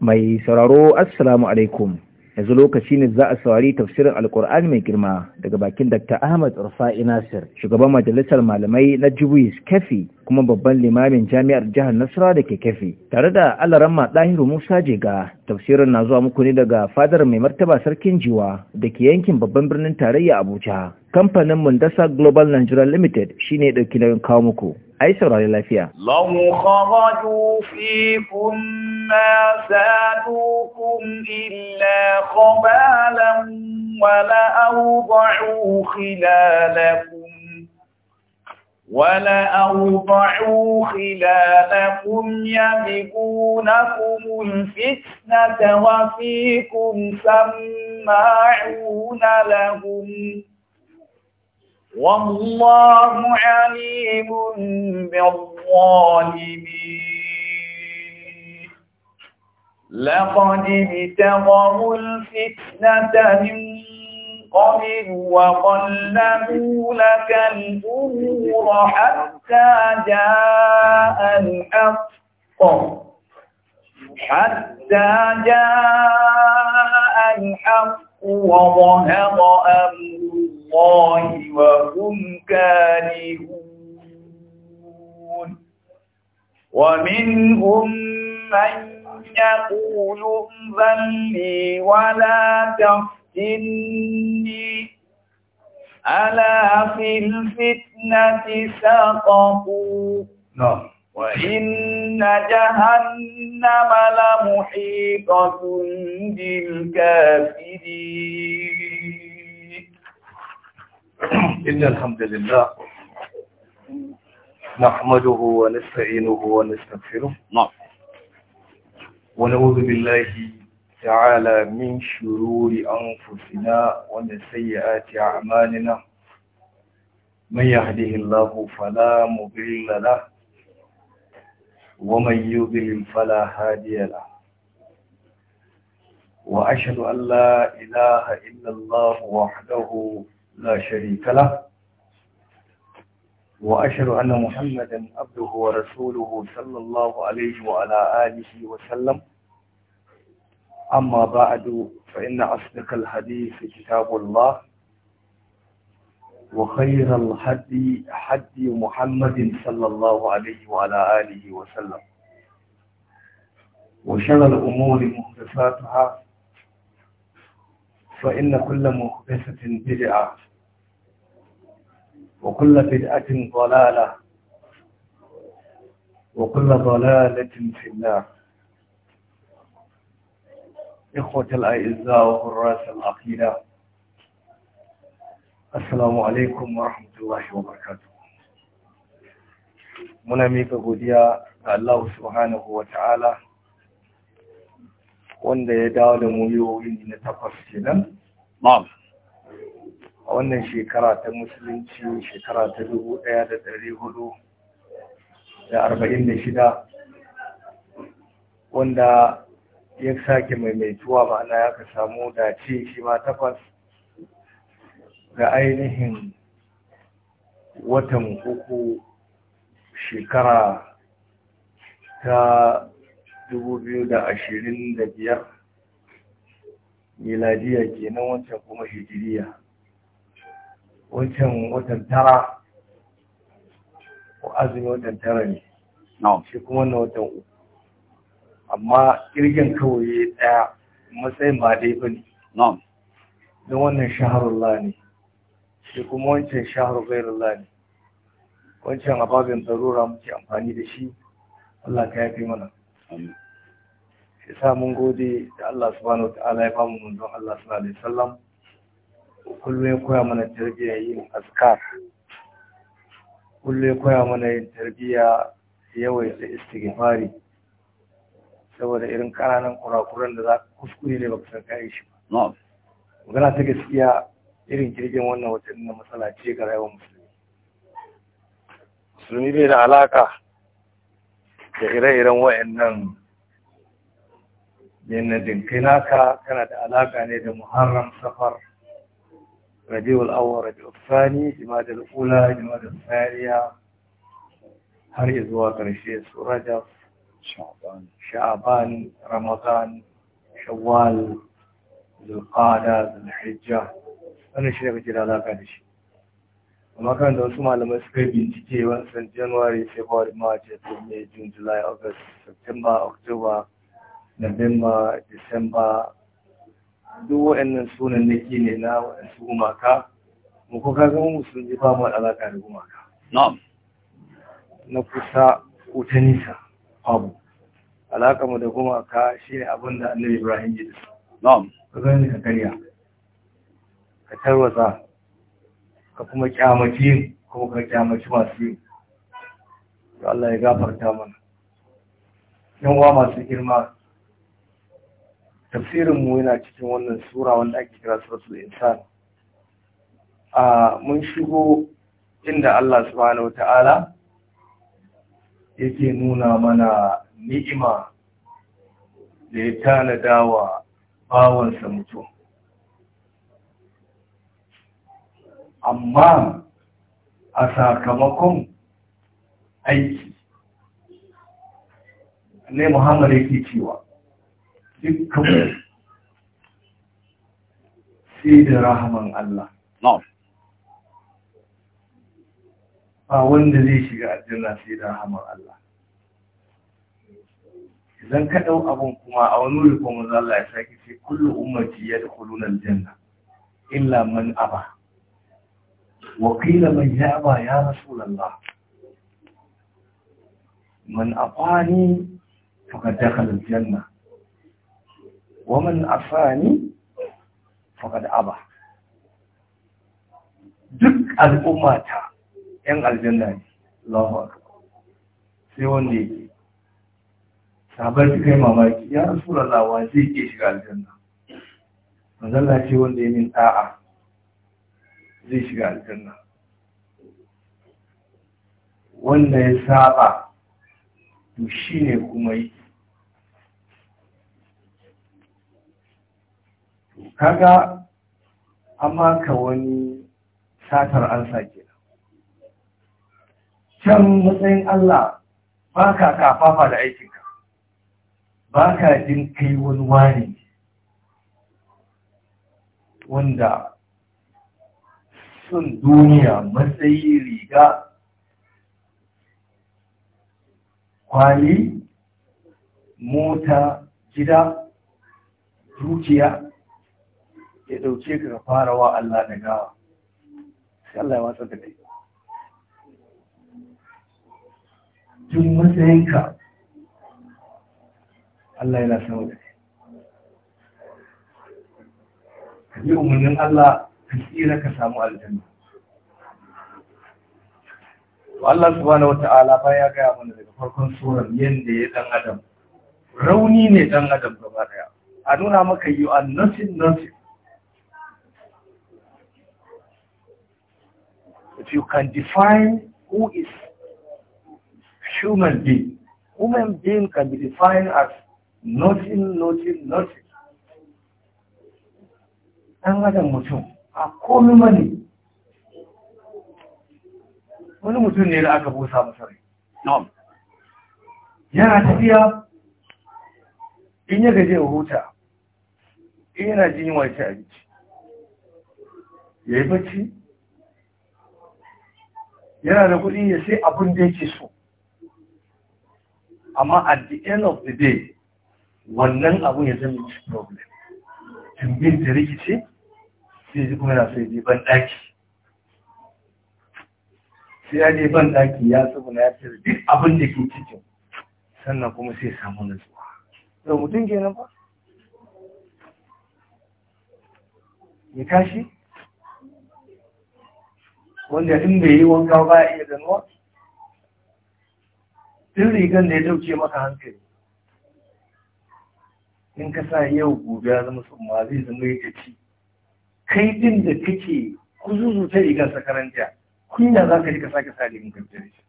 mai sauraro assalamu alaikum yanzu lokaci ne za a saurari tafsirin alkur'ani mai girma daga bakin dr ahmad rufai nasir shugaban majalisar malamai na jubuis kafi kuma babban limamin jami'ar jihar nasara da ke kefi tare da alaramma ɗahiru musa jega tafsirin na zuwa muku ne daga fadar mai martaba sarkin jiwa da ke yankin babban birnin tarayya abuja kamfanin mundasa global nigeria limited shine dauki nauyin kawo muku ai saurari lafiya law kharaju fikum ma illa khabalan wala awda'u khilalakum ولأوضعوا خلالكم يبقونكم الفتنة وفيكم سماعون لهم والله عليم بالظالمين لقد ابتغوا الفتنة من قبل وقلبوا لك الأمور حتى جاء الحق حتى جاء الحق وظهر أمر الله وهم كارهون ومنهم من يقول انظر لي ولا تخف إني ألا في الفتنة سقطوا نعم وإن جهنم لمحيطة بالكافرين إن الحمد لله نحمده ونستعينه ونستغفره نعم ونعوذ بالله تعالى من شرور أنفسنا ومن سيئات أعمالنا من يهده الله فلا مضل له ومن يضلل فلا هادي له وأشهد أن لا إله إلا الله وحده لا شريك له وأشهد أن محمدا عبده ورسوله صلى الله عليه وعلى آله وسلم أما بعد فإن أصدق الحديث كتاب الله وخير الحدي حدي محمد صلى الله عليه وعلى آله وسلم وشر الأمور مهدساتها فإن كل مهدسة بدعة وكل بدعة ضلالة وكل ضلالة في النار إخوة الأعزاء وحراس العقيدة السلام عليكم ورحمة الله muna mika godiya ga Allahu subhanahu wa wanda ya dawo da mu yoyi na takwas kenan wannan shekara ta musulunci shekara ta dubu ɗaya da ɗari hudu da arba'in da shida wanda ya sake maimaituwa ma'ana ya ka samu dace shi ma takwas ga ainihin watan uku shekara ta biyar miladiya kenan wancan kuma hijiriya wancan watan tara ko azumin watan tara ne shi kuma na watan uku amma kirgin kawai ɗaya matsayin ba dai ba ne don wannan shahararla ne shi kuma wancan shaharar gairarla ne wancan ababin tsarora muke amfani da shi Allah ka yafi mana shi sa mun gode da Allah subhanahu wa ta'ala ya bamu mun don Allah sallallahu alaihi wasallam kullum ya koya mana tarbiyya yin askar kullum ya koya mana yin tarbiyya yawaita istighfari saboda irin ƙananan kurakuran da za kuskure ne ku san kai shi ba magana ta gaskiya irin jirgin wannan watanni na matsala ce ga rayuwar musulmi musulmi bai da alaka da ire-iren wayannan yannadin kai naka kana da alaka ne da muharram safar rabiul Awa rabiul Sani, jumada al-ula jumada har zuwa karshe su raja. شعبان شعبان رمضان شوال ذو القعدة ذو الحجة wannan shi ne kake da alaka da shi amma kan da wasu malamai suka bincike wasan january february march april may june july august september october november december duk sunan da ne na waɗansu gumaka mu ko kaga mu sun gumaka na kusa ko abu mu da ka shi ne abin da annabi ibrahim yi na'am ka gani ka karya ka tarwatsa ka kuma kyamaci kuma ka kyamaci masu yi da Allah ya gafarta mana wa masu girma tafsirin mu yana cikin wannan sura wanda ake kira suratul insan a ah, mun shigo inda Allah subhanahu wa ta'ala yake nuna mana ni'ima da ya tanada wa bawansa mutum amma a sakamakon aiki ne muhammad yake cewa dukkan sai da rahaman Allah ba wanda zai shiga aljanna sai da rahamar Allah idan ka dau abun kuma a wani wuri kuma za Allah ya saki sai kullu ummati yadkhuluna aljanna illa man aba wa qila man yaba ya rasulullah man afani faqad dakhala aljanna wa man afani faqad aba duk al'ummata yan aljanna ne Allahu akbar sai wanda yake sabar su kai mamaki ya rasulullah wa zai ke shiga aljanna manzalla ce wanda ya min da'a zai shiga aljanna wanda ya saba to shine kuma yi kaga amma ka wani satar ansa ke can matsayin Allah ba ka kafafa da aikinka ba ka jin kai wani wani wanda sun duniya matsayi riga kwali mota gida dukiya ya dauke ka farawa Allah da gawa sai Allah ya da kai duk matsayinka Allah yana san da ka ji umarnin Allah ka tsira ka samu aljanna To Allah subhanahu wata'ala ba ya gaya mana daga farkon tsoron yadda ya dan adam rauni ne dan adam gaba daya a nuna maka yi a nothing nothing if you can define who is human being. Human being can be defined as nothing, nothing, nothing. Ɗan adam mutum, a komi mani. Wani mutum ne da aka busa masa rai. Yana tafiya, in yi gaje huta, in yana jin wace abinci. Ya yi bacci, yana da kuɗi ya sai abin da yake so. amma at the end of the day wannan abun ya zama mishi problem tambin ta rikice sai ji kuma yana sai je ban daki sai ya je ban daki ya tsubuna ya tsira duk abin da ke cikin sannan kuma sai samu nutsuwa da mutum kenan ba ya kashi wanda inda bai yi wanka ba ya iya ganuwa din rigar da ya dauke maka hankali in ka sa yau gobe ya zama sun ma zai zama ya ci kai din da kake kuzuzu ta rigar sakaranta kunya za ka ji ka sake sa rigan kafin shi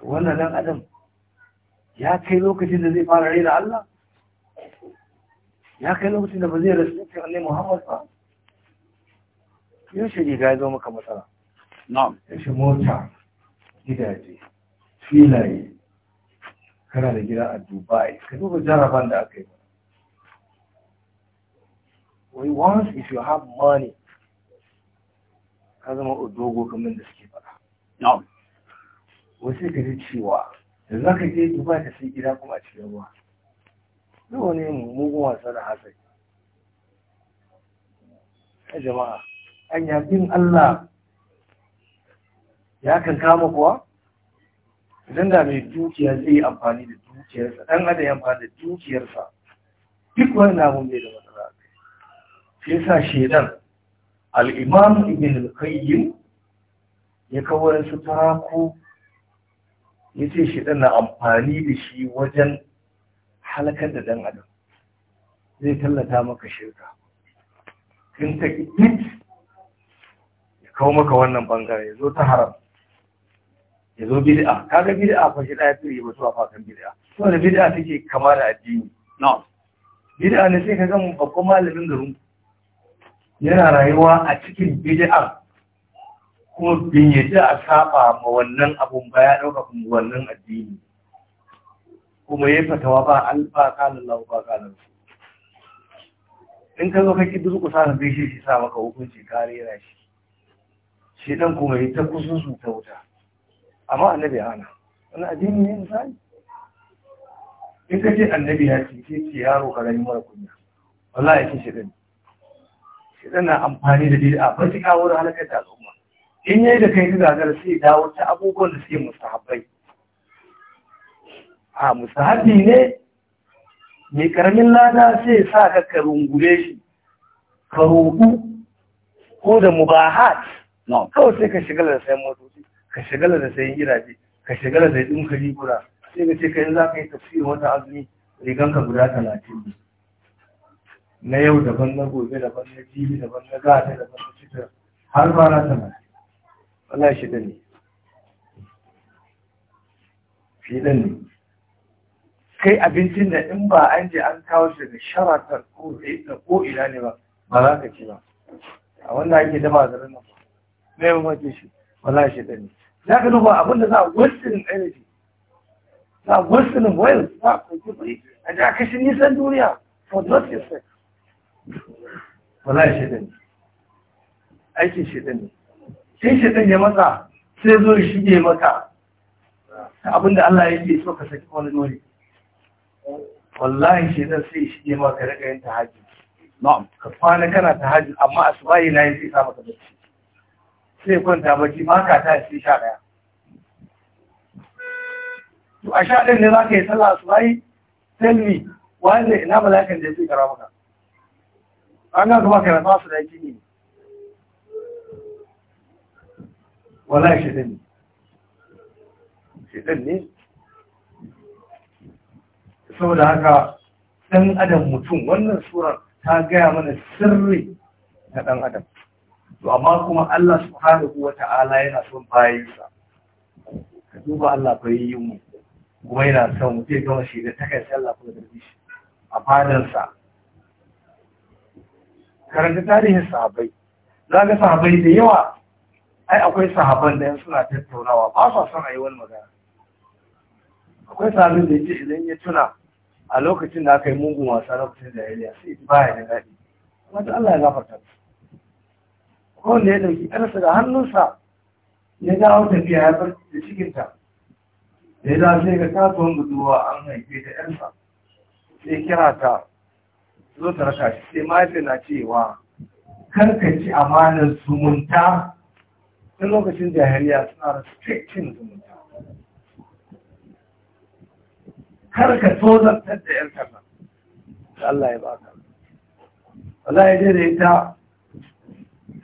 wannan dan adam ya kai lokacin da zai fara raina Allah ya kai lokacin da ba zai rasu ta Allah Muhammad ba yau shi riga ya zo maka matsala na'am yau shi mota gidaje filaye kana da gida a dubai ka duba jaraban da aka yi wai once if you have money ka zama odogo kamar da suke faɗa wasu ka ji cewa da za ka je dubai ka sai gida kuma a cikin ruwa da ne mugun wasa da hasari ya jama'a an yabin allah ya kan kama kuwa idan da mai dukiya zai yi amfani da dukiyarsa dan adam ya amfani da dukiyarsa duk wani namun bai da matsala shi sa shedan al-imam ibn al-qayyim ya kawar su tarako ya ce shedan na amfani da shi wajen halakar da dan adam zai tallata maka shirka in ta ya kawo maka wannan bangare zo ta haram ya zo bid'a kaga bid'a fa shi da ya tsiri ba zuwa fakan bid'a da bid'a take kama da addini na'am bid'a ne sai kaga mun babban malamin garin yana rayuwa a cikin bid'a kuma bin yadda a saba ma wannan abun ba ya dauka kuma wannan addini kuma yayi fatawa ba an ba kana Allah ba kana in ka zo ki duzuku sa bai bishi shi sa maka hukunci kare yana shi shi dan kuma ya ta kususu ta wuta amma annabi ya hana wani addini ne misali in ka ce annabi ya ce ke ce yaro karami mara kunya wala ya ce shirin shirin na amfani da bid'a ba ta kawo da halakar da al'umma in yayi da kai gagara sai dawo ta abubuwan da suke mustahabbai a mustahabbi ne mai karamin lada sai sa ka ka shi ka roƙu ko da mubahat kawai sai ka shiga da sai motoci ka shagala da sayan gidaje ka shagala da kari gura sai ka ce kai za ka yi tafsirin wata azumi rigan ka guda talatin ne na yau daban na gobe daban na jibi daban na gata daban na cikin har na talatin Wala shi da ne fiɗan ne kai abincin da in ba an je an kawo shi da sharatar ko ina ne ba ba za ka ci ba a wanda ake dafa zarar nan ba mai mamaki shi wala shi da ne za ka duba abin da za a wasting energy za a wasting oil za a kwanci kuri, a ji a kashin nisan duniya for not your sake wala shaɗin aikin shaɗin ne sai shaɗin ya masa sai zo shi shige maka abinda Allah Allah ce so ka saki wani nori wallahi shaɗin sai ya ne maka rika ta hajji. na'am ka kwana kana hajji amma asbahi na yi sai sa maka bacci sai kwanta bacci ma ka ta shi sha ɗaya to a sha ɗin ne za ka yi sallah su bayi tell me wanda ina mala'ikan da ya ce kara maka an ga kuma karama su da yake ne wala shi ɗin shi ɗin ne saboda haka ɗan adam mutum wannan surar ta gaya mana sirri na ɗan adam to amma kuma Allah subhanahu wa ta'ala yana son bayansa ka duba Allah yi mu kuma yana son mutum gama shi da takai sallah kuma da shi a fadarsa. karanta tarihin sahabai za ga sahabai da yawa ai akwai sahaban da yan suna tattaunawa ba sa son a yi wani magana akwai sahabin da ya ce idan ya tuna a lokacin da aka yi mugun wasa lokacin da ya liya sai ba ya da daɗi wata Allah ya gafarta su wanda ya dauki ƙarsa da hannunsa ya dawo tafiya ya bar da cikinta da ya zafi ga kasuwan budurwa an haife da 'yansa? sai kira ta zo ta raka shi sai mafi na cewa karkaci amanar zumunta tun lokacin jahiliya suna restricting zumunta karka tozantar da ƴarka nan Allah ya ba baka Allah ya je da ita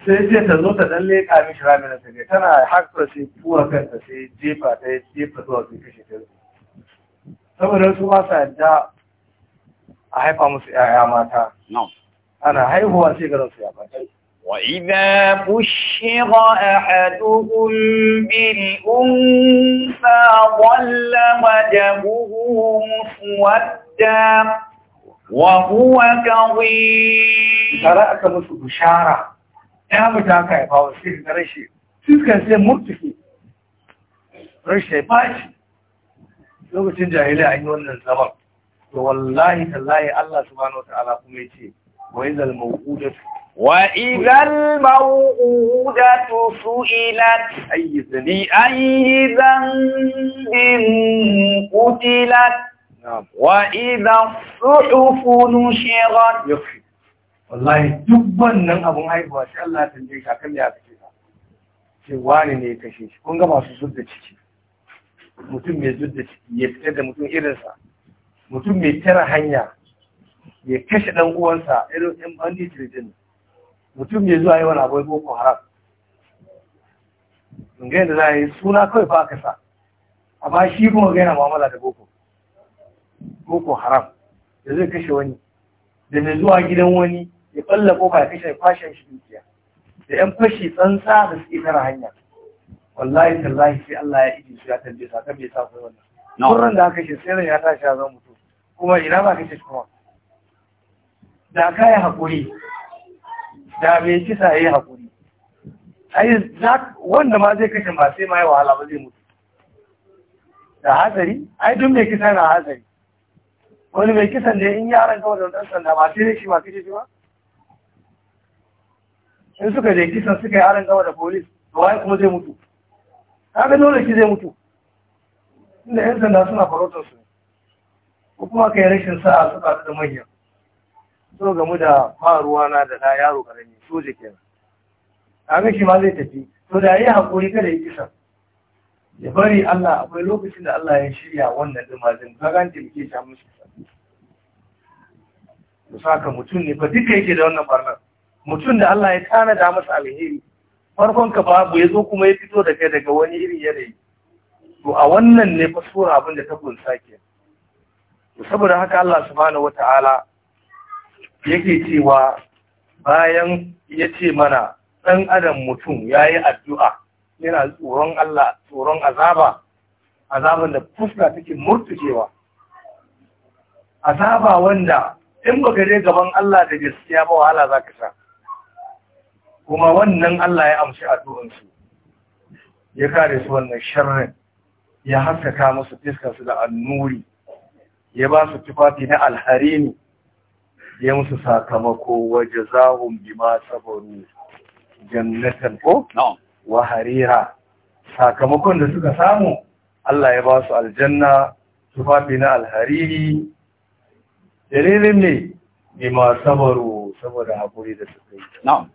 sai ce ta zo ta dan leƙa shi ramin ta ne tana haka shi, tura kanta sai jefa ta jefa zuwa sai kashe ta saboda su ma sa yadda a haifa musu ‘ya'ya mata ana haihuwa sai ga su ya bace وإذا بشر أحدهم بالأنثى ظل وجهه مسودا وهو كظيم ترى أكمل بشارة ya ta aka haifa wa sai ga rashe sukan sai murtufi rashe shi. lokacin jahiliya an yi wannan zaman to wallahi tallahi Allah subhanahu wataala kuma yace wa idhal mawqudatu wa idhal mawqudatu su'ilat ayyi dhanbi ayyi dhanbin qutilat wa idan as-suhufu nushirat yakfi wallahi duk wannan abun haihuwa shi Allah ta tambaye shakan kan ya kace ka ce wani ne ya kashe shi kun ga masu da ciki mutum mai da ciki ya fitar da mutum irinsa mutum mai tara hanya ya kashe dan uwansa irin ɗan bandi din mutum mai zuwa yawan abai boko haram mun ga yadda za a yi suna kawai ba ka sa amma shi kuma ga yana mu'amala da boko boko haram da zai kashe wani da mai zuwa gidan wani ya ƙwalla ƙofa ya kashe kwashe shi dukiya da ‘yan fashi tsantsa da suke tara hanya wallahi tallahi sai Allah ya iji su ya tambaye sa kan bai sa kai wannan kurran da aka shi sai ran ya tashi ya zama mutu kuma ina ba kashe shi kuma da ka yi haƙuri da mai kisa ya yi haƙuri ai wanda ma zai kashe ba sai ma yi wahala ba zai mutu da hatsari ai duk mai kisa na hatsari wani mai kisan da in yaran kawai da ɗan sanda ba sai ne shi ba kashe shi ba in suka je kisan suka yi harin gama da polis waye kuma zai mutu Ta kaga dole ki zai mutu inda yan sanda suna farautar su ko kuma kai rashin sa'a suka da manyan so gamu da faruwa na da na yaro karami soja ta kaga shi ma zai tafi to da yayi hakuri kada yi kisan. ya bari Allah akwai lokacin da Allah ya shirya wannan dumazin kagan tilke shi musu sa ka mutum ne ba duka yake da wannan barnar mutum da Allah ya tana da masa alheri farkon ka babu ya zo kuma ya fito da kai daga wani irin yanayi to a wannan ne fa sura abin da ta kunsa ke saboda haka Allah subhanahu wata'ala yake cewa bayan ya ce mana ɗan adam mutum ya yi addu'a yana tsoron Allah tsoron azaba azaban da fuska take murtucewa azaba wanda in baka je gaban Allah da gaskiya ba wahala za ka sha kuma wannan Allah ya amshi addu'ansu ya kare su wannan sharrin ya haskaka musu fiskarsu da annuri ya ba su tufafi na alharini ya musu sakamako waje zahun bima saboru jannatan ko wa harira sakamakon da suka samu Allah ya ba su aljanna tufafi na alharini, dalilin ne bima saboru saboda haƙuri da suka yi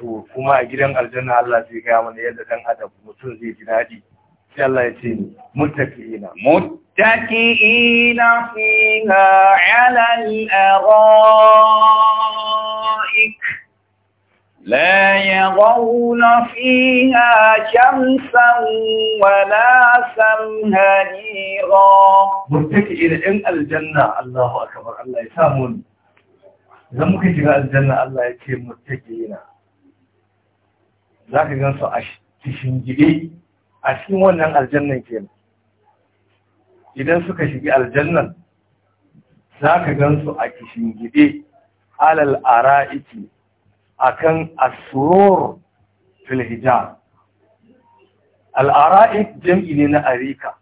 to kuma a gidan aljanna Allah zai gaya mana yadda dan adam mutum zai ji daɗi sai Allah ya ni muttaqina muttaqina fiha ala al-ara'ik la yaghawna fiha shamsan wala samhanira muttaqina in aljanna Allahu akbar Allah ya samu zan muka shiga aljanna Allah ya ce muttaqina za ka gan su a gide a cikin wannan aljannan kenan idan suka shiga aljannan za ka gan su a gide alal ara'iki akan asurur filhijar hijab al jam'i ne na arika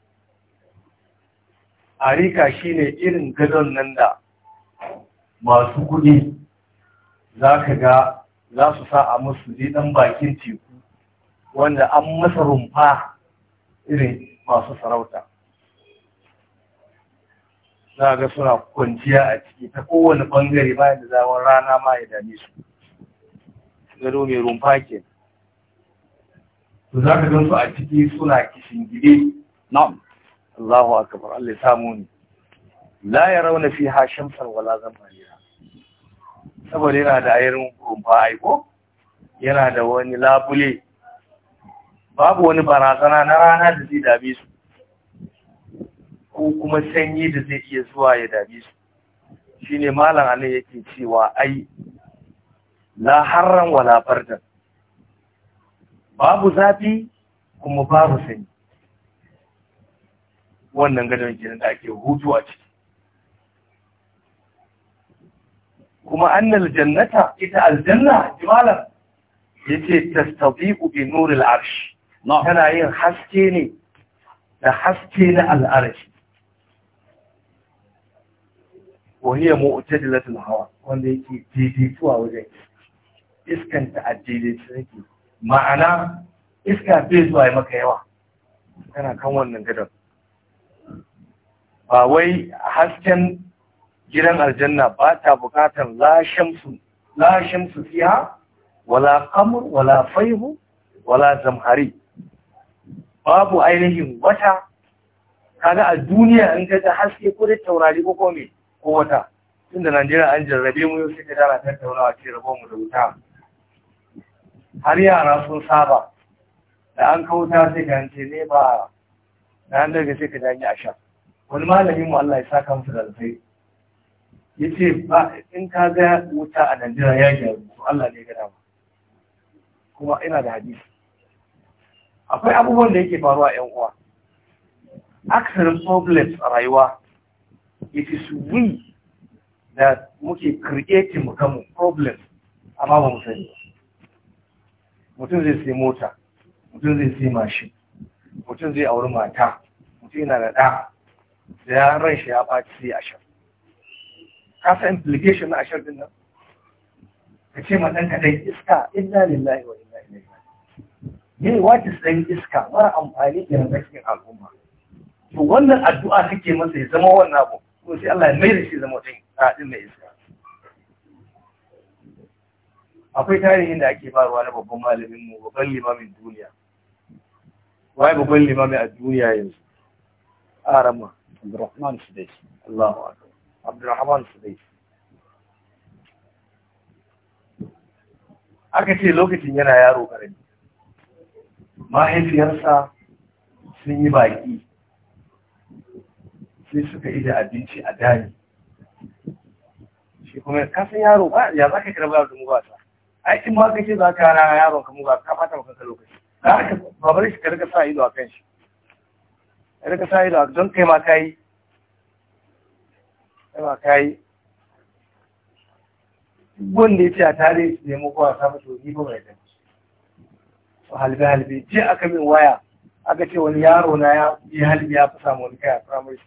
arika shine irin gadon nan da masu kuɗi za ka ga za su sa a musu je dan bakin teku wanda an masa rumfa irin masu sarauta za ga suna kwanciya a ciki ta kowane bangare bayan da zawon rana ma ya dame su gado mai rumfa ke za ka gansu a ciki suna kishin gide na'am Allahu akbar Allah ya samu ni la yarawna fiha shamsan wala zamaniya saboda yana da ayarin rumfa aiko yana da wani labule babu wani barazana na rana da zai dabe su ko kuma sanyi da zai iya zuwa ya dabe su shi ne malam anan yake cewa ai la harran wala babu zafi kuma babu sanyi wannan gadon gidan da ake hutu a ciki kuma annal jannata ita aljanna jimalan yace tastabiqu bi nuril arsh tana yin haske ne da haske na al'arshi وهي مؤتدلة الهواء wanda yake daidaituwa wajen iskanta a daidaitu yake ma'ana iska bai zuwa ya maka yawa tana kan wannan gadon ba wai hasken gidan aljanna ba ta bukatar la shamsu la wala qamar wala faihu wala zamhari babu ainihin wata kada a duniya in kaga haske ko da taurari ko kome ko wata tunda Najeriya an jarrabe mu yau sai ka dara tattaunawa ce rabo mu da wuta har yara sun saba da an kauta sai ka ne ba na an daga sai ka janye a sha wani malamin mu Allah ya saka musu da alfai ya ce ba in ka ga wuta a najeriya ya gyaru to allah ne gada ba kuma ina da hadisi akwai abubuwan da yake faruwa yan uwa aksarin problems a rayuwa it is we that muke creating mu kanmu problems amma ba mu sani mutum zai sai mota mutum zai sai mashin mutum zai auri mata mutum yana da ɗa da ya ran shi ya ɓaci sai a shan ka san implication na ashar din nan ka ce ma ɗan dai iska illa lillahi wa inna ilaihi ne wata dan iska mara amfani da na cikin al'umma to wannan addu'a kake masa ya zama wannan abu ko sai Allah ya mai da shi zama wajen a mai iska akwai tarihin da ake faruwa na babban malamin mu babban limamin duniya wai babban limamin a duniya yanzu arama Abdurrahman Sudais Allahu akbar abdurrahman sudai aka ce lokacin yana yaro ƙarami. mahaifiyarsa sun yi baƙi, sai suka yi da abinci a dani shi kuma kasan yaro ba ya za ka karba yaro da mugasa ai Aikin ma kace za ka rana yaron ka ba ka fata maka lokaci ka aka babar shi ka rika sa ido a kan shi ka rika sa ido a don kai ma ka yi yawa ka yi wanda ya ce a tare su nemo kowa samu to ni ba mai to halbe halbe je aka min waya aka ce wani yaro na ya yi halbe ya fi samu wani kai a primary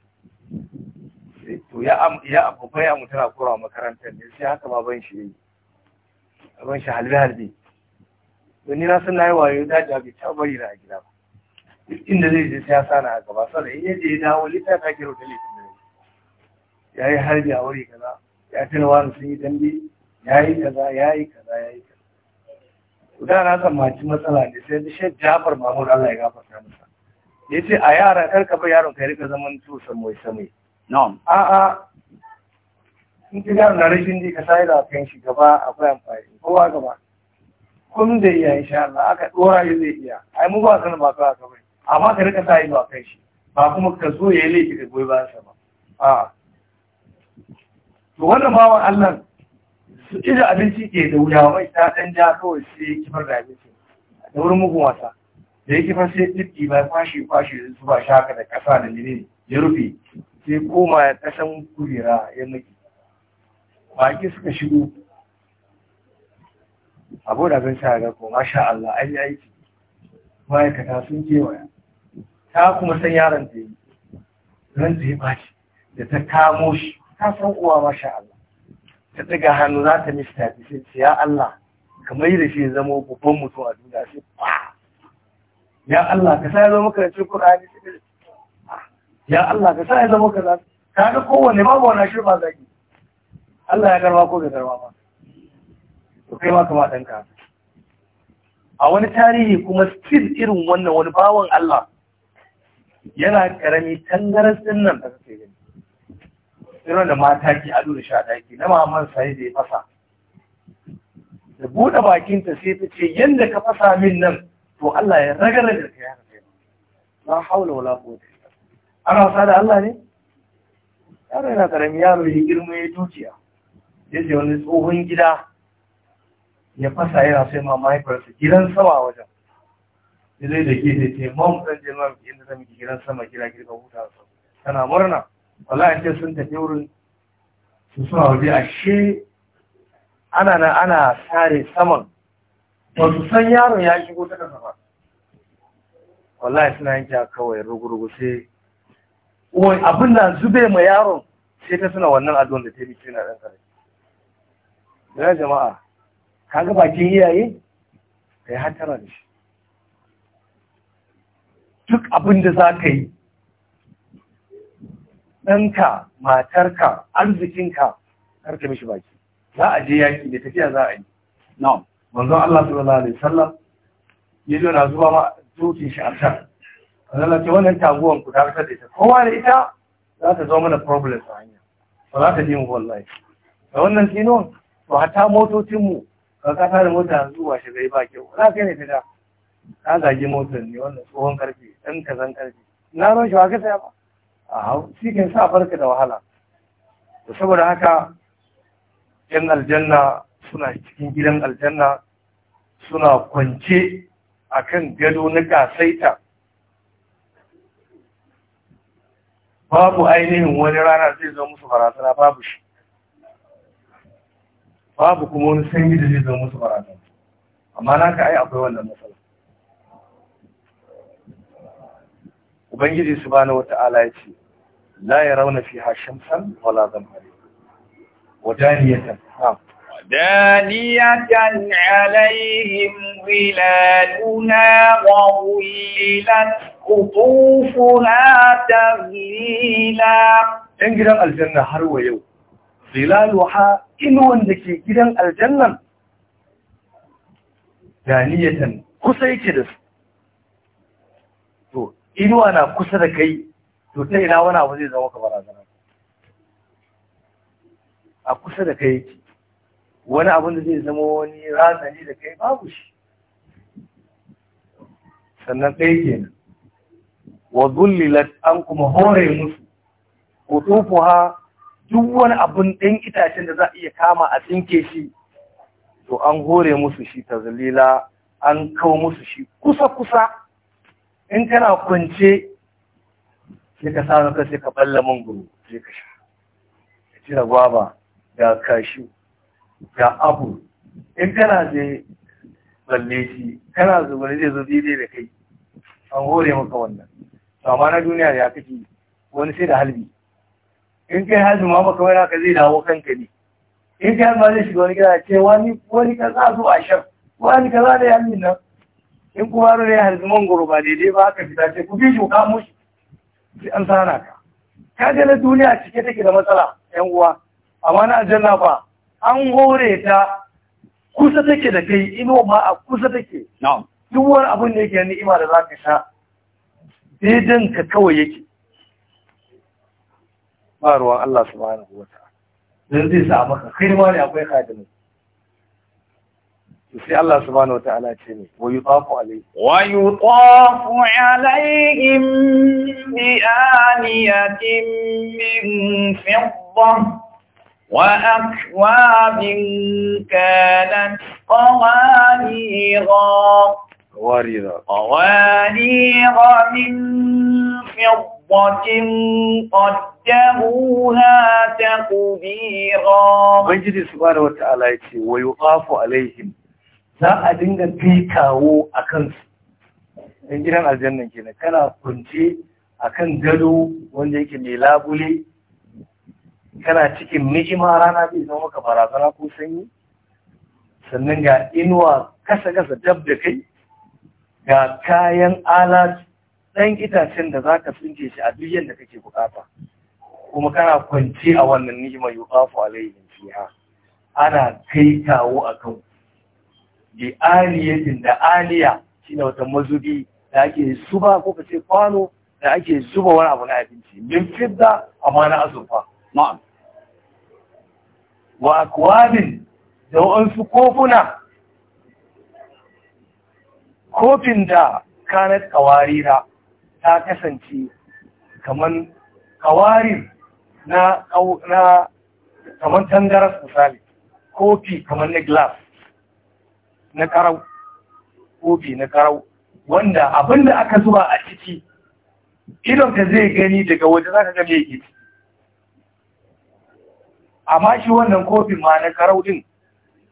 to ya ya abokai amu tana kura makarantar ne sai haka baban shi yayi baban shi halbe halbe don ni na san nayi wayo da ja bi ta bari na gida ba inda zai je sai ya sana a gaba sai ya je ya dawo littafi ta kiro da littafi ya yi harbi a wuri kaza ya na wani sun yi dambe ya yi kaza ya yi kaza ya yi kaza da na tsammaci matsala ne sai da shi jafar mahmud allah ya gafarta masa ya ce a yara kar ka bar yaron ka rika zaman tusan mai samai na'am a a in ki gano na rashin ji ka sai da kan shi gaba akwai amfani kowa gaba kun da iya insha Allah aka dora yi zai iya ai mu ba san ba ka bai amma ka rika sa ido a kan shi ba kuma ka zo ya yi laifi ka goyi ba sa ba a'a to wannan bawan Allah su ci da abinci ke da wuya mai ta dan ja kawai sai ya kifar da abinci da wurin mugun wasa da ya kifar sai tsibki ba kwashe kwashe da zuba shaka da kasa da mini ya rufe sai koma ya kasan ya maki baki suka shigo abu da zan sa ga ko masha Allah an yi aiki ma'aikata sun kewaya ta kuma san yaron ta yi ran ta yi baci da ta kamo shi ta san uwa masha Allah ta daga hannu za ta mista ta sai ya Allah kamar da shi zama babban mutum a duniya sai ba ya Allah ka sa ya zama karancin Qur'ani ya Allah ka sa ya zama kaza ka ga kowanne babu wani shi ba zaki Allah ya garba ko ga garba ba to kai ma kama dan ka a wani tarihi kuma still irin wannan wani bawan Allah yana karami tangaras din nan da kake gani irin da mata ke ado da sha daki na maman sai da ya fasa da buɗe ta sai ta ce yadda ka fasa min nan to Allah ya ragara da ka yara kai Na haula wala quwwata ana wasa da Allah ne yaro yana karami yaro ya girma ya dukiya yadda wani tsohon gida ya fasa yana sai ma mahaifarsa gidan sama wajen ya zai da gefe ce mam ɗan je inda zan gidan sama gida girka huta tana murna wallahi sai sun tafi wurin su suna waje ashe ana na ana sare saman ba su san yaron ya shigo ta kasa ba wallahi suna yanke kawai rugurugu sai wai abin na zube ma yaron sai ta suna wannan adon da ta yi tana ɗan kare ya jama'a kaga bakin iyaye ka yi hatara da shi duk abin da za ka yi ɗanka matarka arzikinka kar ka mishi baki za a je yaki da tafiya za a yi na'am wanzan Allah sallallahu alaihi wasallam ya jona zuwa ma tukin shi a can Allah ce wannan taguwan ku ta da ita kowa da ita za ta zama mana problem a hanya ba za ta yi mu wallahi da wannan sinon to hatta motocin mu ka ka tare mota zuwa shi zai ba kyau za ka ne ta da ka zagi motar ne wannan tsohon karfe ɗan kazan karfe na ran shi ba ka saya ba a hau shi sa barka da wahala to saboda haka yan aljanna suna cikin gidan aljanna suna kwance akan gado na gasaita babu ainihin wani rana zai zo musu barazana babu shi babu kuma wani sanyi da zai zo musu barazana amma na ka ai akwai wannan matsala Ubangiji su bani wata ala ya ce, La ya rauna fi hashin san wala zamari. Wadaniyatan, ha. Wadaniyatan alaihim wilaluna wa wulilan kutufuna ta zila. ‘Yan gidan aljanna har wa yau, zilalu ha inuwan da ke gidan aljannan, daniyatan kusa yake da su. inuwa na kusa da kai to ta ina wani abu zai zama ka barazana a kusa da kai yake wani abin da zai zama wani razani da kai babu shi sannan ɗaya kenan wa zullilat an kuma hore musu ha duk wani abin ɗan itacen da za a iya kama a tsinke shi to an hore musu shi ta zalila an kawo musu shi kusa-kusa in kana kwance sai ka sa ka sai ka balla mangoro sai ka sha ka cire gwaba da kashi da abu in kana je balle shi kana ne zai zo daidai da kai an hore maka wannan to amma na duniya ya kake wani sai da halbi in kai halbi ma maka wani haka zai dawo kanka ne in kai halbi ma zai shiga wani gida ce wani wani kaza zo a shan wani kaza da yalmin nan in kuma yaro ya harbi mangoro ba daidai ba aka fita ce ku bi shi ka mushi sai an sana ka ka ga na duniya cike take da matsala yan uwa amma na aljanna ba an hore ta kusa take da kai ino ma a kusa take duk wani abin da yake ni'ima da za ka sha daidan ka kawai yake ba ruwan Allah subhanahu wa ta'ala dan zai sa maka kai ma ne akwai hadimi يسي الله سبحانه وتعالى كني ويطاف عليه ويطاف عليهم بآنية من فضة وأكواب كانت قوانيغا قوانيغا قوانيغا من فضة قدموها تقديرا من سبحانه وتعالى ويطاف عليهم za a dinga fitawo kawo a kansu in gidan aljannan kenan kana kunce a kan gado wanda yake mai labule kana cikin ni'ima rana zai zama maka barazana ko sanyi sannan ga inuwa kasa-kasa dab da kai ga kayan alat ɗan itacen da za ka tsince shi a duk yadda kake bukata kuma kana kwanci a wannan yi yuqafu alaihim fiha ana kai kawo a kanku da aliyatin da aliya ne wata mazubi da ake zuba ko sai kwano da ake zuba wani abu na abinci min fidda amma na azurfa ma'am wa kwabin da wa'ansu kofuna kofin da kanat kawarira ta kasance kaman kawarin na na tangaras misali kofi kamar na glass na karau kofi na karau wanda abinda aka zuba a ciki ka zai gani daga waje za ka ga mai gidi amma shi wannan kofin ma na karau din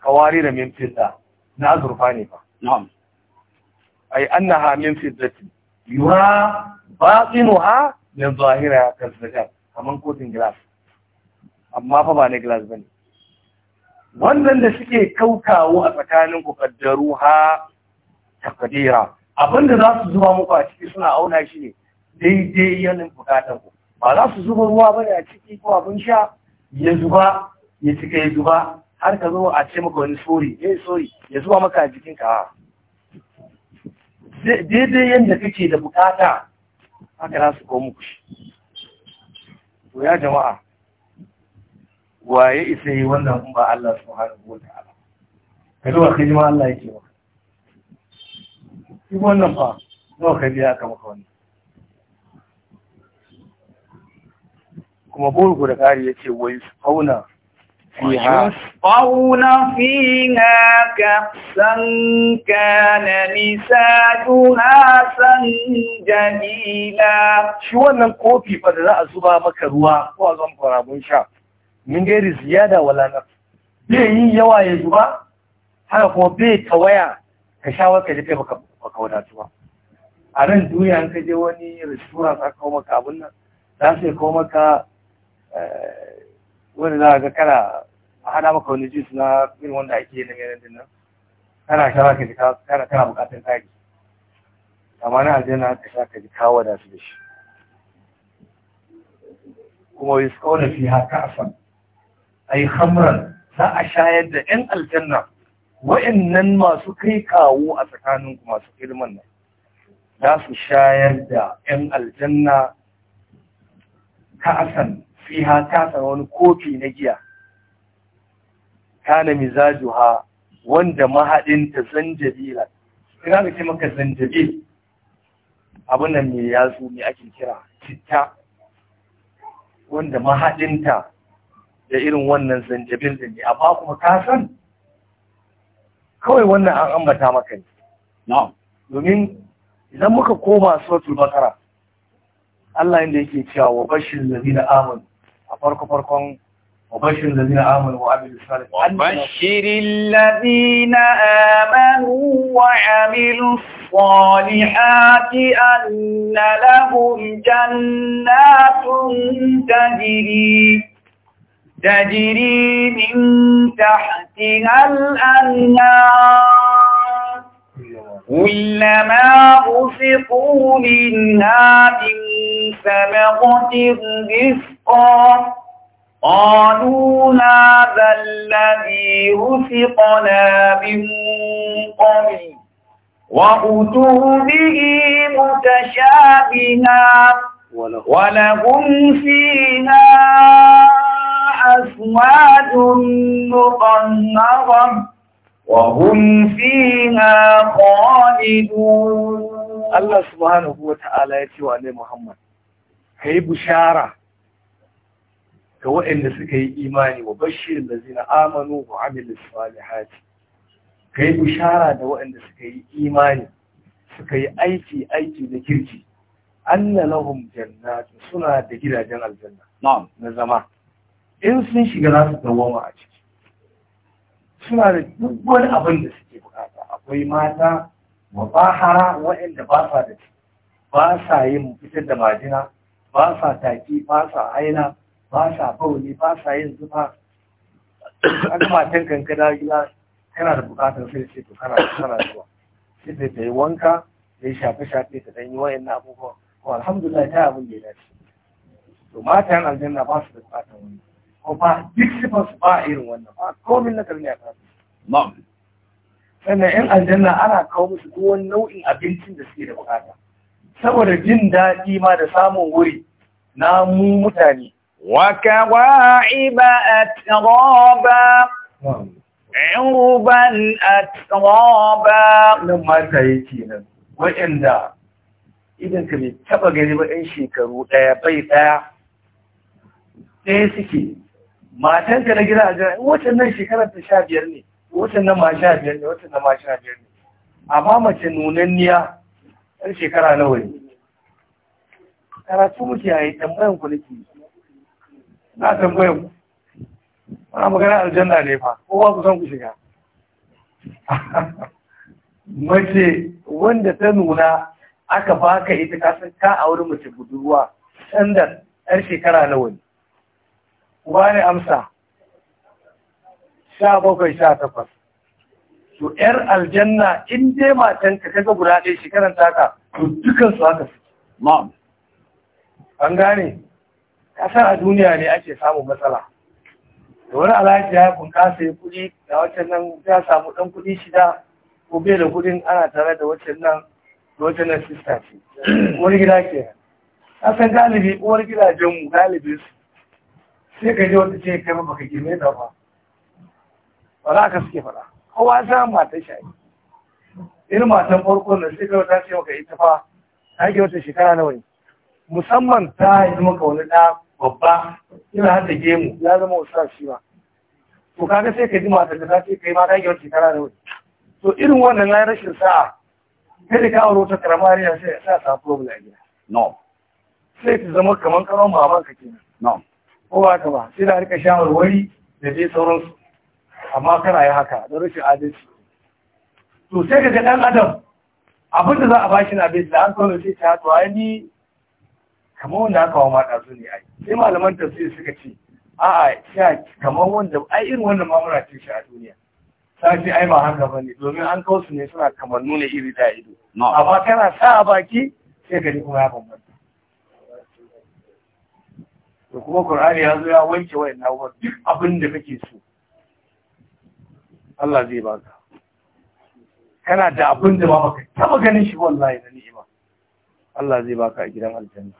ka ware da min fidda na zurfa ne ba ai annaha min fiddati yura batinuha min zahira kazzajar kamar kofin glass amma fa ba na glass bane wannan da suke kaukawo a tsakanin ku kaddaru ha abin da za su zuba muku a ciki suna auna shi ne daidai yanin bukatan ku ba za su zuba ruwa ba a ciki ko abin sha ya zuba ya cika ya zuba har ka zo a ce maka wani sori yi eh, sori ya zuba maka a jikin ka daidai yadda kake da bukata haka za su ko muku shi to ya jama'a waye isa yi wannan in ba Allah subhanahu wa ta'ala kaji wa kaji ma Allah yake wa shi wannan fa nawa ka biya aka maka wannan kuma burgu da ƙari ya ce wai fauna فيها ka فيها كأسا كان san سنجبيلا Shi wannan kofi fa da za a zuba maka ruwa ko a zamfara mun sha min gairi ziyada wala naf bai yi yawa ya zuba haka kuma bai tawaya ka shawar ka je kai baka baka wadatu ba a ran duniya an kaje wani wani za ka kawo maka abun nan za su kawo maka eh, wani za ga kana a hada maka wani jus na irin wanda ake yi na mai nan nan kana shawa ka ji kana kana bukatar tsari amma na aljanna ka sha ka ji kawo da da shi kuma yi tsawon fi haka a sami ai hamran za a shayar da ‘yan aljanna wa'yannan masu kai kawo a tsakanin masu ilmin nan za su shayar da ‘yan aljanna ka'asan fiha kasa wani kofi na giya kana mizajuha wanda mahaɗinta zanjabila ina ga ce maka zanjabil abin mai yatsu mai ake kira citta wanda mahaɗinta da irin wannan zanjabil din amma kuma ka san kawai wannan an ambata maka ne domin idan muka koma suratul bakara Allah inda yake cewa wa bashir ladina amanu a farko farkon wa وبشر الذين آمنوا وعملوا الصالحات وبشر الذين آمنوا وعملوا الصالحات أن لهم جنات تجري تجري من تحتها الأنهار كلما رزقوا منها من ثمرة رزقا قالوا هذا الذي رزقنا من قبل وأتوا به متشابها ولهم فيها أسواد مطهرة وهم فيها خالدون Allah subhanahu wa ta'ala ya ce wa Muhammad, ka yi bushara ga waɗanda suka yi imani wa bashirin da zina amanu wa amilin salihati. Ka yi bushara da waɗanda suka yi imani suka yi aiki aiki na kirki. Anna lahum suna da gidajen aljanna na zama. in sun shiga za su dawoma a ciki suna da duk wani abin da suke bukata akwai mata bahara waɗanda ba sa da ba sa yin fitar da majina ba sa taki ba sa aina ba sa bauni, ba sa yin zufa an matan kankana gida kana da bukatar sai sai to kana kana zuwa sai sai ta yi wanka da yi shafe shafe ta ɗan yi na abubuwa alhamdulillah ta abin da ya dace to matan aljanna ba su da bukatar wani ko ba duk sifar ba irin wannan ba komin na karni a kasu sannan yan aljanna ana kawo musu duk nau'in abincin da suke da bukata saboda jin daɗi ma da samun wuri na mu mutane وكواعب a عربا أترابا لما تايتينا kenan, waɗanda idan ka bai taɓa gani ba yan shekaru ɗaya bai ɗaya ɗaya suke matanka na gida a jira wacin nan shekarar ta sha biyar ne wacin nan ma sha biyar ne wacin nan ma sha biyar ne amma mace nunanniya yan shekara nawa ne karatu muke a yi tambayan ku nake na tambayan ku ana magana aljanna ne fa kowa ku san ku shiga mace wanda ta nuna aka baka ita kasan ka auri mace budurwa sandar 'yar shekara nawa ne ku bani amsa sha bakwai sha takwas to ‘yar aljanna in dai matan ka kaga guda ɗaya shekaran taka to su haka su ma'am an gane kasar a duniya ne ake samun matsala da wani alhaji ya bunƙasa ya kuɗi da waccan nan ya samu ɗan kuɗi shida ko bai da kuɗin ana tare da waccan nan da waccan nan sista ce Wani gida ke kasan galibi uwar gidajenmu galibi su sai ka je wata ce kai ba ka girme ta ba ba za ka suke fara kowa sa matan shayi irin matan farkon da sai kawai ta ce maka ita fa ta ke wata shekara nawa ne musamman ta yi zama ka wani ɗa babba ina har da gemu ya zama wasu shi ba to kaga sai ka ji matan da ta ce kai ma ta ke wata shekara nawa ne to irin wannan na rashin sa'a kada ka auro wata karamariya sai ya sa ta problem a gida no sai ta zama kamar karon ka kenan no ko ba ka ba sai da rika shawarwari da dai sauransu amma kana yi haka da rashin adalci to sai ka ga ɗan adam abin da za a bashi na bai da an kawo sai ta to ai ni kamar wanda aka wa mata su ne ai sai malaman tafsir suka ce a'a sha kamar wanda ai irin wannan mamura ce shi a duniya sai ai ba haka bane domin an kawo su ne suna kamar nuna iri da ido amma kana sa a baki sai ka ji kuma ya bambanta Da kuma ƙur'ani ya zo ya wanke wayan abubuwan duk abin da kake so Allah zai baka kana da abin da ba baka taba ganin shi wallahi na ni'ima Allah zai baka a gidan aljanna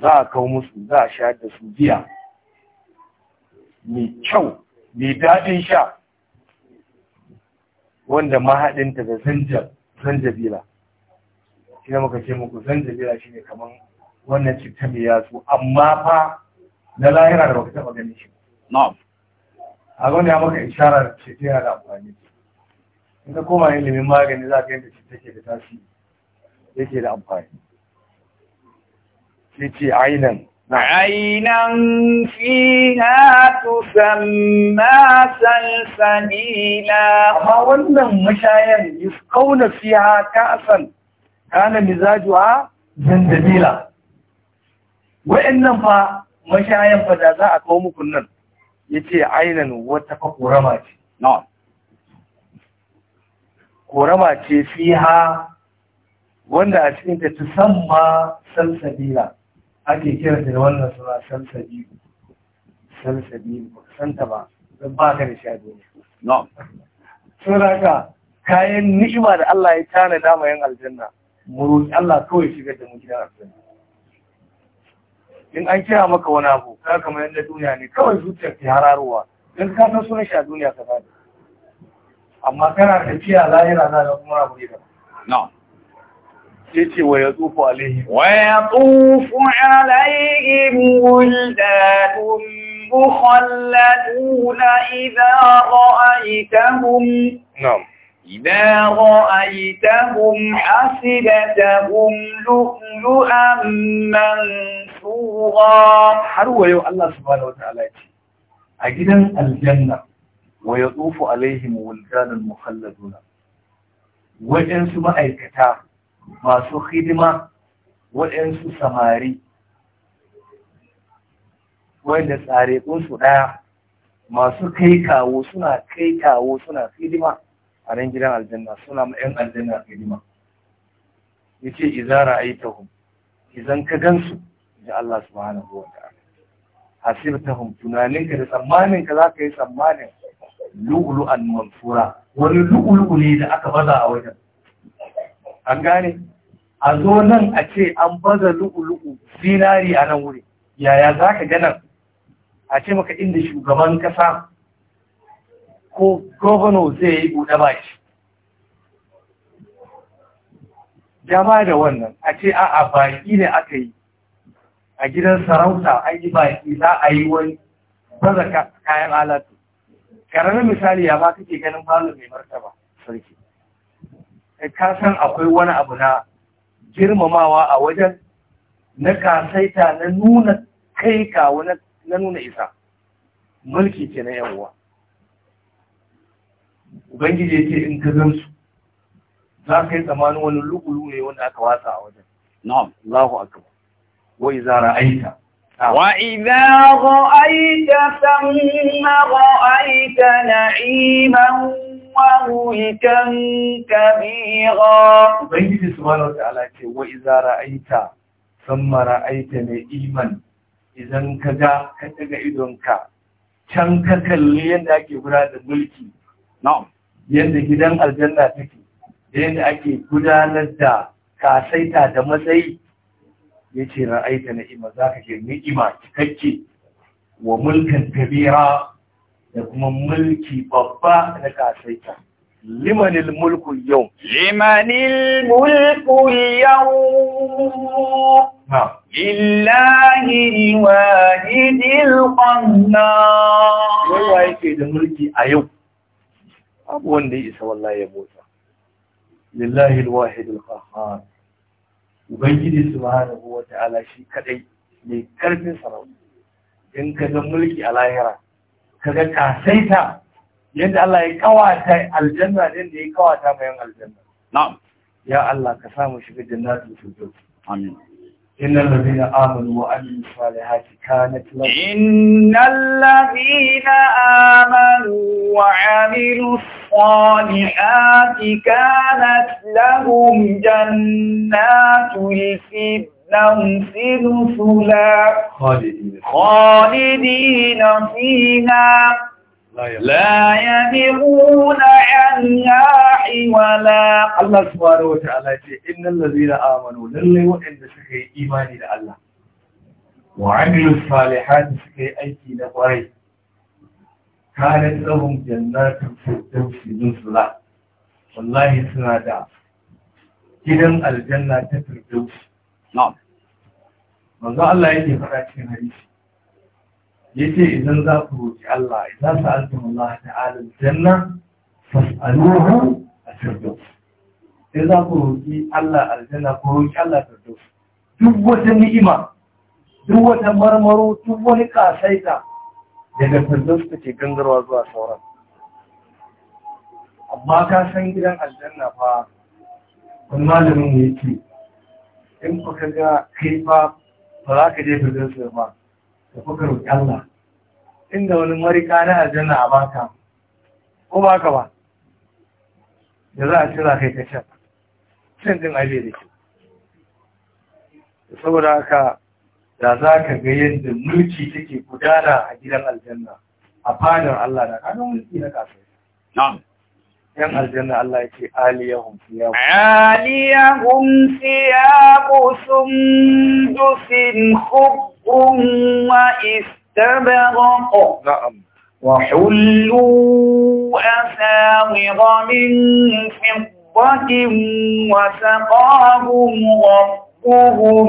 za a kawo musu za a shayar da su biya mai kyau mai daɗin sha wanda mahaɗinta da zanjabila shi ne muka ce muku zanjabila shi ne kamar wannan citta mai yatsu amma fa na lahira da baka taba ganin shi na'am a gwanda ya maka ishara da citta yana da amfani in ka koma ilimin magani za ka yadda citta ke da tashi yake da amfani sai ce ainihin عينا فيها تسمى سلسبيلا هاولا مشايا يسقون فيها كأسا كان مزاجها زندبيلا wa'annan fa mashayan fa da za a kawo muku nan ya yace ainihin wata fa korama ce Ƙorama korama ce ha wanda a cikin ta san ma salsabila ake kira da wannan suna salsabila salsabila ba san ta ba don ba ka da sha duniya na'am sun raka kayan ni'ima da Allah ya tana dama aljanna mu Allah kawai shigar da mu gidan aljanna in an kira maka wani abu ka kama yadda duniya ne kawai zuciyar ke hararowa don ka san sunan shi a duniya ka zaɓi amma kana tafiya lahira za ka kuma rabu gida ce wa yatufu alaihim wa yatufu alaihim wildanun mukhalladuna idza ra'aytahum na'am إذا رأيتهم حسبتهم لؤلؤا منثورا حروا يو الله سبحانه وتعالى أجدا الجنة ويطوف عليهم ولدان المخلدون وإنس ما أيكتا ما سخدما وإنس سماري wanda tsarekunsu ɗaya masu kai kawo suna kai kawo suna hidima a nan gidan aljanna suna ma 'yan aljanna hidima ya ce izara aitahum idan ka gansu da Allah subhanahu wa ta'ala hasibtahum tunaninka da tsammaninka za ka yi tsammanin an mansura wani lu'lu'u ne da aka baza a wajen an gane a zo nan a ce an baza lu'lu'u zinari a nan wuri yaya za ka ganan a ce maka inda shugaban kasa ko governor zai yi buɗe ba baki dama da wannan a ce a'a baki ne aka yi a gidan sarauta an yi baki za a yi wani baza kayan alatu ƙaramin misali ya ba kake ganin falon mai martaba sarki ka san akwai wani abu na girmamawa a wajen na kasaita na nuna kai kawo na nuna isa mulki ce na yawwa ubangiji ya ce in ka gansu za ka yi tsamani wani lukulu ne wanda aka wasa a wajen na'am Allahu akbar wa idza ra'aita wa idza ra'aita thumma ra'aita na'iman wa mulkan kabira ubangiji subhanahu wa ta'ala ce wa idza ra'aita thumma ra'aita na'iman idan ka ga ka daga idonka can ka kalli yadda ake gura da mulki na'am yadda gidan aljanna take da yadda ake gudanar da kasaita da matsayi ya ce ra'aita na'ima za ka ce ni'ima cikakke wa mulkin tabira da kuma mulki babba na kasaita yau. Limanil mulkun yau. الملك اليوم نعم wai الواحد ke da mulki a yau. abu wanda ya isa wallahi ya motsa lillahi alwahid alqahhar ubangiji subhanahu wa ta'ala shi kadai ne karfin sarauta in ka ga mulki a lahira ka ga kasaita yadda Allah ya kawata aljanna din da ya kawata mayan aljanna na'am ya Allah ka samu shiga jannatin firdaus amin إن الذين آمنوا وعملوا الصالحات كانت لهم إن الذين آمنوا وعملوا الصالحات كانت لهم جنات الفردوس نزلا خالدين خالدين فيها لا يبغون عنها حولا الله سبحانه وتعالى إن الذين آمنوا للي وإن سكي إيماني لله وعملوا الصالحات سكي أيتي لقري كانت لهم جنات الفردوس نزلا والله سنادا كدن الجنة الفردوس نعم manzo Allah yake fara cikin hadisi yake idan za ku roƙi Allah za su sa'altum Allah alin janna fas'aluhu a firdaus idan za ku roƙi Allah aljanna ku roƙi Allah firdaus duk wata ni'ima duk wata marmaro duk wani kasaita daga firdaus take gangarwa zuwa sauran amma ka san gidan aljanna fa wani malamin mu yake in ka ga kai fa ba za ka je firdaus ba da kuka roƙi Allah inda wani marika na aljanna a baka ko baka ba da za a cira kai ta can can din aje da ke saboda haka da za ka ga yadda mulki take gudana a gidan aljanna a fadar Allah da kaga mulki na kasuwa yan aljanna Allah yake aliyahum siyabu aliyahum siyabu sundusin khubrum wa istabraq na'am وحلوا أساور من فضة وسقاهم ربهم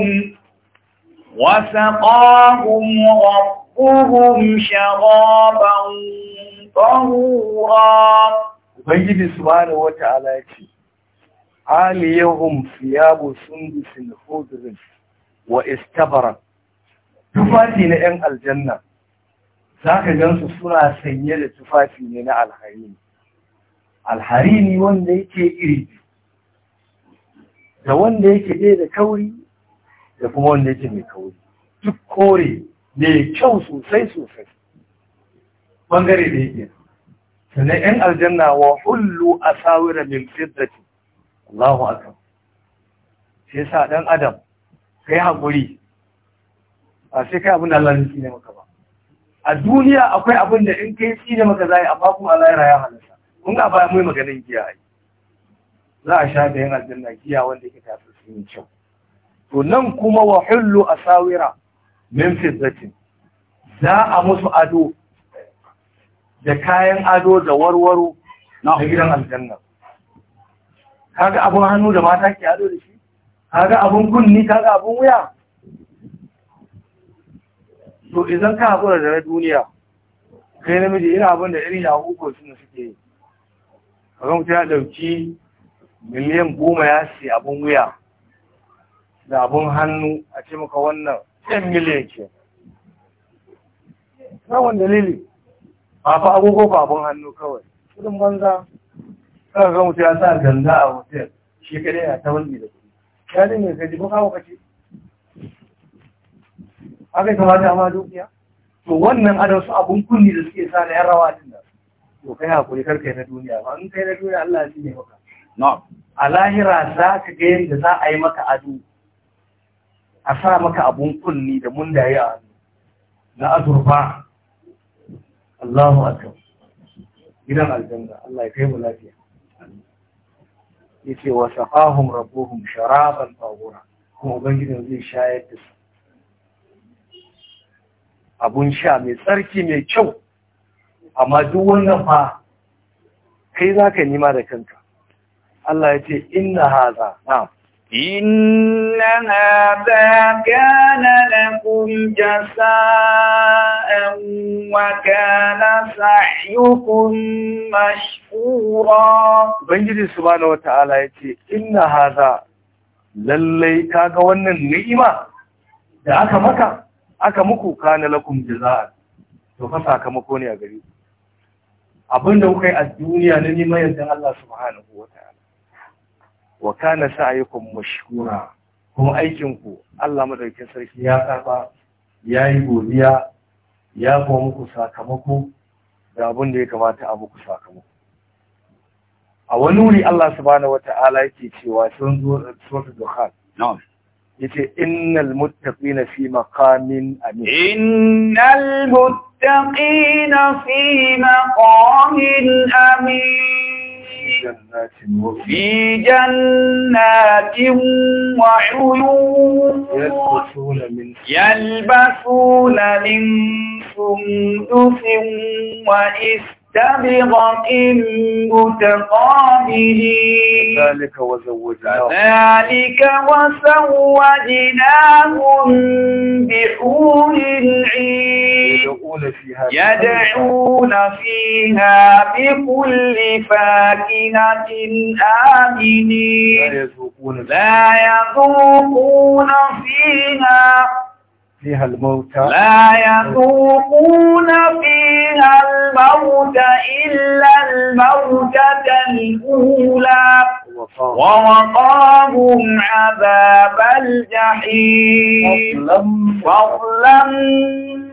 وسقاهم ربهم شرابا طهورا ubangiji subhanahu wata'ala ya ce aliyahum siyabu sundusin hudrin wa istabaran tufafi na 'yan aljanna za ka gansu suna sanye da tufafi ne na alharini alharini wanda yake iri da wanda yake ɗaya da kauri da kuma wanda yake mai kauri duk kore mai kyau sosai sosai Bangare da yake sannan ‘yan aljanna wa hullu a sawira min Allahu akam sai sa ɗan adam kai haƙuri ba sai kai abin da Allah ne maka ba a duniya akwai abin da in kai tsine maka zai a kuma Allah ya raya halasa kun ga baya mai maganin giya yi. za a sha da yin aljanna giya wanda yake tafi sun yi kyau to nan kuma wa hullu asawira min fiddatin za a musu ado da kayan ado da warwaro na gidan aljanna kaga abun hannu da mata ke ado da shi kaga abun kunni kaga abun wuya to idan ka haƙura da na duniya kai namiji ina abin da irin yahu ko suna suke yi kaga mutum ya ɗauki miliyan goma ya ce abun wuya da abun hannu a ce maka wannan 10 miliyan ke. Rawan dalili, ba fa agogo ba abun hannu kawai kudin banza kan ga mutu ya sa ganda a hotel shi kare ya ta wani da kudi ya ne mai gaji ba kawo kace haka ya kamata a ma dukiya to wannan adon su abun kunni da suke sa na yan rawa din da to kai hakuri kar kai na duniya ba in kai na duniya Allah shi ne maka na'am a lahira za ka ga yadda za a yi maka ado a sa maka abun kunni da mundaye a hannu na azurfa Allahu akbar gidan aljanna Allah ya kai mu lafiya yace wa saqahum rabbuhum sharaban tahura kuma ubangijin zai shayar da su abun sha mai tsarki mai kyau amma duk wannan fa kai zaka nima da kanka Allah ya ce inna haza na'am إن هذا كان لكم جزاء وكان سعيكم مشكورا بنجي سبحانه وتعالى يتي إن هذا lallai kaga wannan ni'ima da aka maka aka muku kana lakum jazaa to fa sakamako ne a gari. Abin da kuka yi a duniya na neman yardan Allah subhanahu wataala wa kana sa'ayukum mashkura kuma aikin ku Allah madaukakin sarki ya karba yayi godiya ya kuma muku sakamako da abin da ya kamata a muku sakamako a wani wuri Allah subhanahu wata'ala yake cewa sun zo suratul dukhan na'am yace innal muttaqina fi maqamin amin innal muttaqina fi maqamin amin في جنات وعيون يلبسون من سندس وإسر بغق متقابلين ذلك وزوجناهم ذلك وزوجناهم بحور العين يدعون فيها بكل فاكهة آمنين لا يذوقون فيها فيها الموت لا يذوقون فيها الموت إلا الموتة الأولى ووقاهم عذاب الجحيم فضلا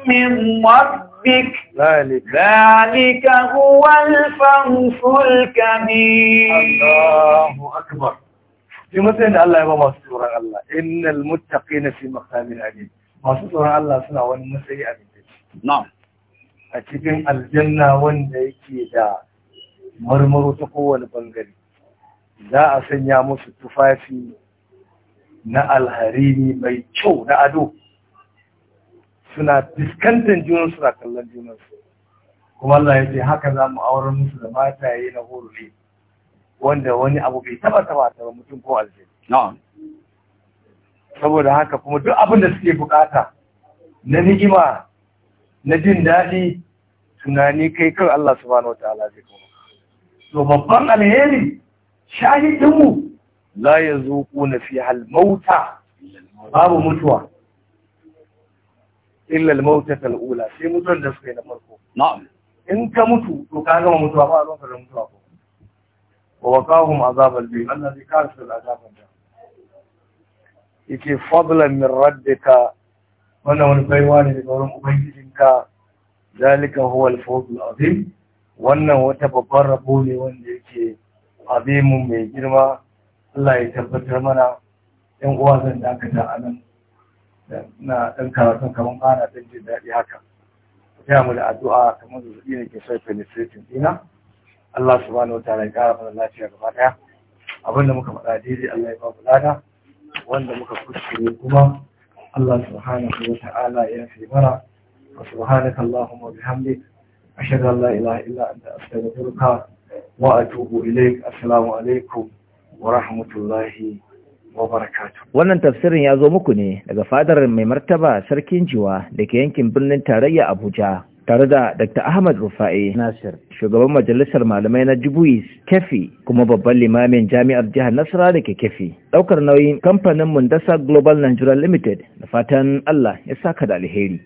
من ربك ذلك, ذلك هو الفوز الكبير الله أكبر في مثل الله بابا مصدورا الله إن المتقين في مقام أليم masu tsoron Allah suna wani matsayi a cikin a cikin aljanna wanda yake da marmaro ta kowane bangare za a sanya musu tufafi na alharini mai kyau na ado suna fuskantar junansu da kallon junansu kuma Allah ya ce haka za mu auren musu da mataye na horo ne wanda wani abu bai taba taba taba mutum ko aljanna saboda haka kuma duk abinda suke bukata na ni'ima na jin daɗi tunani kai kan Allah subhanahu wataala zai kuma to babban alheri shahidinmu la na fi halmauta babu mutuwa illa al mauta al sai mutuwar da suka yi na farko in ka mutu to ka gama mutuwa ba a zo da mutuwa ko wa waqahum azab al bayt allazi kafara azab al yake fadlan min rabbika wannan wani baiwa ne daga wurin ubangijinka zalika huwa al-fadl azim wannan wata babbar rabo ne wanda yake azimu mai girma Allah ya tabbatar mana yan uwa zan dakata a nan na ɗan karatun kaman ana ɗan jin daɗi haka ya mu da addu'a kamar zazzaɓi ne ke sai penetrating ɗina Allah subhanahu wa ta'ala ya ƙara mana lafiya gaba ɗaya abinda muka faɗa daidai Allah ya ba mu lada wanda muka kuskure kuma Allah subhanahu wa ta'ala ya fi mara wa subhanaka Allahumma bihamdik ashhadu an la ilaha illa anta astaghfiruka wa atubu ilaik assalamu alaikum wa rahmatullahi Wannan tafsirin ya zo muku ne daga fadar mai martaba sarkin jiwa da ke yankin birnin tarayya Abuja. tare da Dr. Ahmad Rufa'i Nasir, shugaban majalisar malamai na Jubuis Kefi kuma babban limamin jami'ar jihar Nasara da ke Kefi. Daukar nauyin kamfanin Mundasa Global Nigeria Limited da fatan Allah ya saka da alheri.